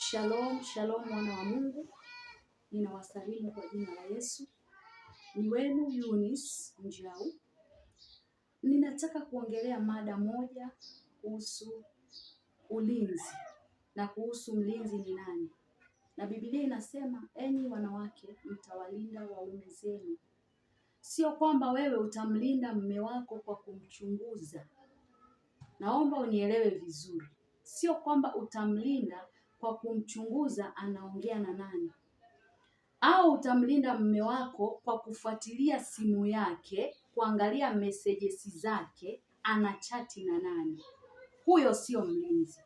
Shalom, shalom wana wa Mungu, ninawasalimu kwa jina la Yesu. Ni wenu Eunice Njau. Ninataka kuongelea mada moja kuhusu ulinzi na kuhusu mlinzi ni nani, na Biblia inasema enyi wanawake mtawalinda waume zenu. Sio kwamba wewe utamlinda mume wako kwa kumchunguza. Naomba unielewe vizuri, sio kwamba utamlinda kwa kumchunguza anaongea na nani, au utamlinda mume wako kwa kufuatilia simu yake, kuangalia messages zake, ana chati na nani. Huyo sio mlinzi,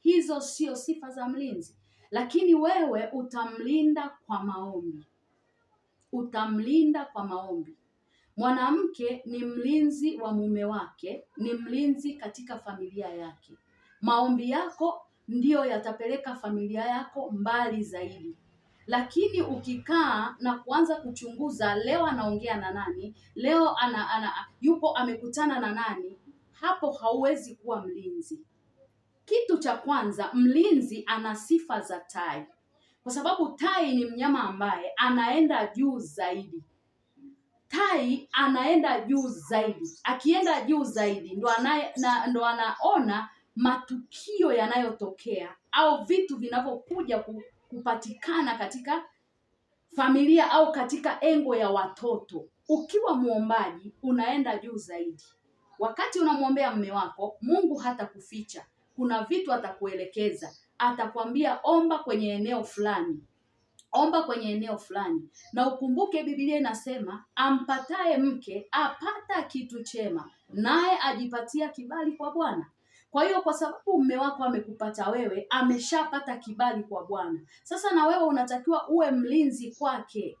hizo sio sifa za mlinzi. Lakini wewe utamlinda kwa maombi, utamlinda kwa maombi. Mwanamke ni mlinzi wa mume wake, ni mlinzi katika familia yake. Maombi yako ndiyo yatapeleka familia yako mbali zaidi. Lakini ukikaa na kuanza kuchunguza, leo anaongea na nani, leo ana, ana yupo amekutana na nani, hapo hauwezi kuwa mlinzi. Kitu cha kwanza, mlinzi ana sifa za tai, kwa sababu tai ni mnyama ambaye anaenda juu zaidi. Tai anaenda juu zaidi, akienda juu zaidi ndo anaye, na, ndo anaona matukio yanayotokea au vitu vinavyokuja kupatikana katika familia au katika engo ya watoto. Ukiwa mwombaji unaenda juu zaidi. Wakati unamwombea mme wako, Mungu hatakuficha. Kuna vitu atakuelekeza, atakwambia omba kwenye eneo fulani, omba kwenye eneo fulani. Na ukumbuke Biblia inasema ampataye mke apata kitu chema, naye ajipatia kibali kwa Bwana. Kwa hiyo kwa sababu mume wako amekupata wewe, ameshapata kibali kwa Bwana, sasa na wewe unatakiwa uwe mlinzi kwake.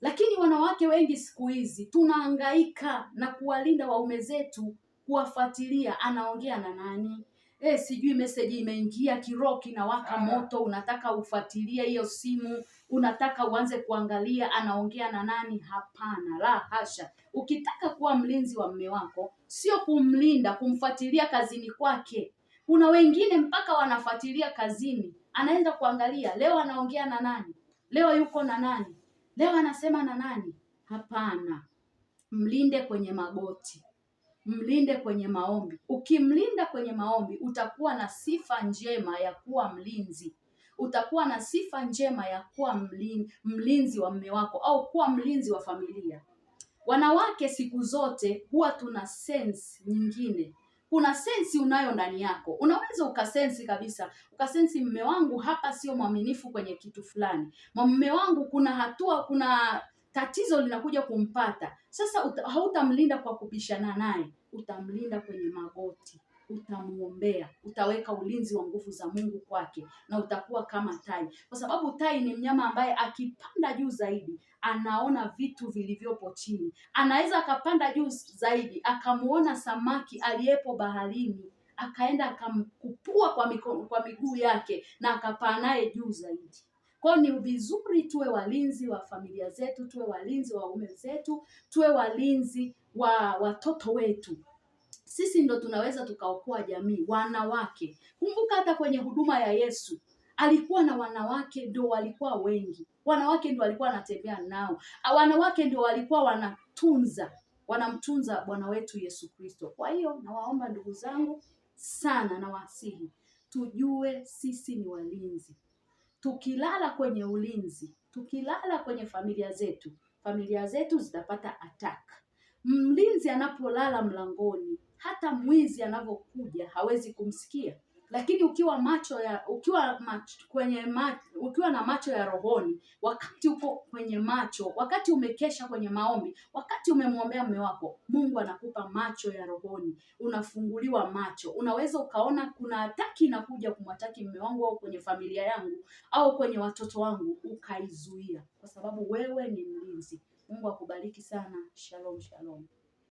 Lakini wanawake wengi siku hizi tunahangaika na kuwalinda waume zetu, kuwafuatilia anaongea na nani, eh, sijui message imeingia kiroho kinawaka moto, unataka ufuatilie hiyo simu, unataka uanze kuangalia anaongea na nani. Hapana, la hasha. Ukitaka kuwa mlinzi wa mme wako, sio kumlinda, kumfuatilia kazini kwake. Kuna wengine mpaka wanafuatilia kazini, anaenda kuangalia leo anaongea na nani, leo yuko na nani, leo anasema na nani. Hapana, mlinde kwenye magoti mlinde kwenye maombi. Ukimlinda kwenye maombi, utakuwa na sifa njema ya kuwa mlinzi utakuwa na sifa njema ya kuwa mlin, mlinzi wa mme wako au kuwa mlinzi wa familia. Wanawake siku zote huwa tuna sense nyingine, kuna sensi unayo ndani yako, unaweza ukasensi kabisa, ukasensi mme wangu hapa sio mwaminifu kwenye kitu fulani, mme wangu kuna hatua, kuna tatizo linakuja kumpata sasa. Hautamlinda kwa kupishana naye, utamlinda kwenye magoti, utamwombea, utaweka ulinzi wa nguvu za Mungu kwake na utakuwa kama tai, kwa sababu tai ni mnyama ambaye akipanda juu zaidi anaona vitu vilivyopo chini. Anaweza akapanda juu zaidi akamuona samaki aliyepo baharini akaenda akamkupua kwa mikono, kwa miguu yake na akapaa naye juu zaidi. Kwa ni vizuri tuwe walinzi wa familia zetu, tuwe walinzi wa waume zetu, tuwe walinzi wa watoto wetu. Sisi ndo tunaweza tukaokoa jamii, wanawake. Kumbuka hata kwenye huduma ya Yesu alikuwa na wanawake, ndio walikuwa wengi. Wanawake ndio walikuwa wanatembea nao, ah, wanawake ndio walikuwa wanatunza, wanamtunza Bwana wetu Yesu Kristo. Kwa hiyo nawaomba ndugu zangu sana, nawasihi tujue sisi ni walinzi. Tukilala kwenye ulinzi, tukilala kwenye familia zetu, familia zetu zitapata attack. Mlinzi anapolala mlangoni, hata mwizi anapokuja hawezi kumsikia. Lakini ukiwa macho ya ukiwa macho, kwenye macho, ukiwa na macho ya rohoni, wakati uko kwenye macho, wakati umekesha kwenye maombi, wakati umemwombea mume wako, Mungu anakupa macho ya rohoni, unafunguliwa macho, unaweza ukaona kuna hataki inakuja kumwataki mume wangu au kwenye familia yangu au kwenye watoto wangu, ukaizuia kwa sababu wewe ni mlinzi. Mungu akubariki sana. Shalom, shalom.